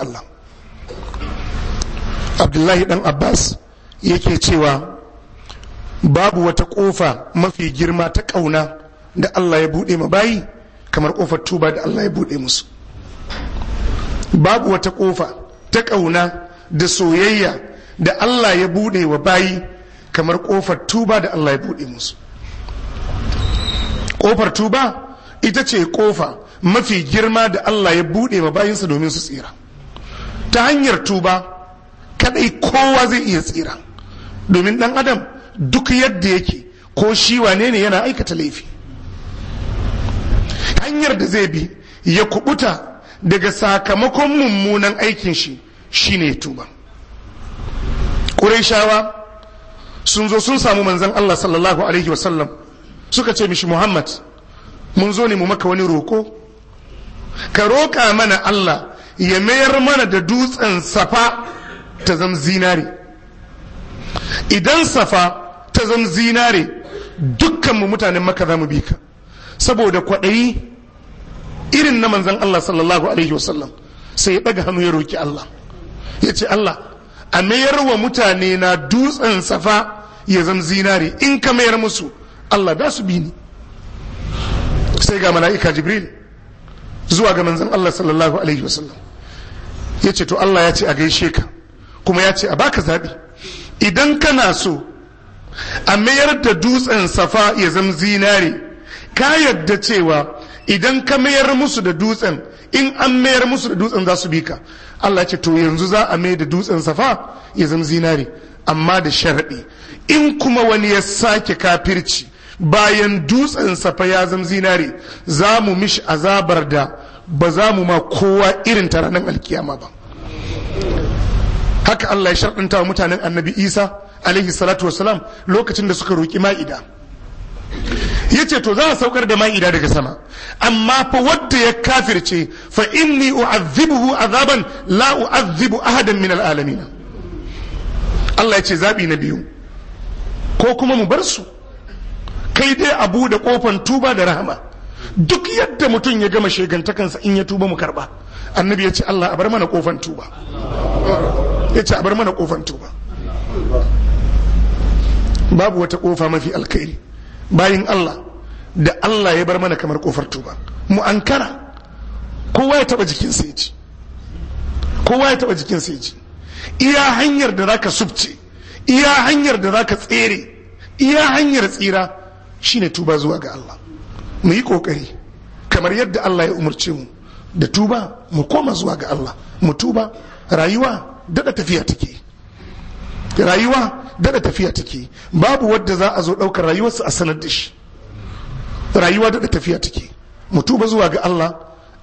Allah abdullahi ɗan abbas yake cewa babu wata ƙofa mafi girma ta ƙauna da Allah ya buɗe ma bayi kamar ƙofar tuba da Allah ya buɗe musu babu wata ƙofa ta ƙauna da soyayya da Allah ya buɗe wa bayi kamar ƙofar tuba da Allah ya buɗe musu Ƙofar tuba ita ce ƙofa mafi girma da Allah ya buɗe ma bayinsa domin su tsira ta hanyar tuba kadai kowa zai iya tsira domin dan adam duk yadda yake ko shi wane ne yana aikata laifi hanyar da zai bi ya kubuta daga sakamakon mummunan aikin shi shine tuba ƙuraishawa sun zo sun samu manzan Allah sallallahu alaihi wasallam suka ce mishi Muhammad mun zo ne mu maka wani roko ka roƙa mana Allah ya mayar mana da dutsen safa ta zama zinare idan safa ta zama zinare dukkanmu mutanen maka za mu bi ka saboda kwaɗayi irin na manzan Allah sallallahu alaihi wasallam sai ya ɗaga hannu ya roki Allah ya ce Allah a mayar wa mutane na dutsen safa ya zama zinare in ka mayar musu Allah da su bi ni sai ga mala'ika jibril zuwa ga manzan Allah sallallahu alaihi wasallam ya ce to Allah ya ce a gaishe ka kuma ya ce a baka zaɓi idan kana so a mayar da dutsen safa ya zama zinare ka yadda cewa idan ka mayar musu da dutsen in an mayar musu da dutsen za su bi ka Allah ce to yanzu za a mayar da dutsen safa ya zama zinare amma da sharaɗi in kuma wani ya sake kafirci bayan dutsen safa ya zama zinare za mu mishi azabar da ba za mu ma kowa irin ta ranar alkiyama ba haka Allah ya sharɗanta wa mutanen annabi isa alaihi salatu wasalam lokacin da suka roƙi ma'ida ya ce to za a saukar da ma'ida daga sama amma fa wadda ya kafirce fa inni u'azzibuhu azaban la u'azzibu ahadan min al'alamin Allah ya ce zabi na biyu ko kuma mu bar su kai dai abu da kofan tuba da rahama duk yadda mutum ya gama shegantakansa in ya tuba mu karba annabi ya ce Allah a bar mana kofan tuba ya ce a bar mana kofan tuba babu wata kofa mafi alkairi bayin Allah da Allah ya bar mana kamar kofar tuba mu ankara kowa ya taba jikin kowa ya taba jikin sai iya hanyar da zaka subce iya hanyar da zaka tsere iya hanyar tsira shine tuba zuwa ga Allah mu yi kokari kamar yadda Allah ya umarce mu da tuba mu koma zuwa ga Allah mu tuba rayuwa daɗa tafiya take rayuwa daɗa tafiya take babu wadda za a zo ɗaukar rayuwarsa a sanar da shi rayuwa daɗa tafiya take mu tuba zuwa ga Allah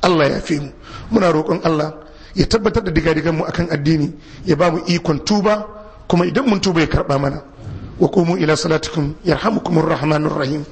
Allah ya fi mu muna roƙon Allah ya tabbatar da digadigan mu akan addini ya ba mu ikon tuba kuma idan mun tuba ya karɓa mana wa qumu ila salatikum yarhamukumur rahmanur rahim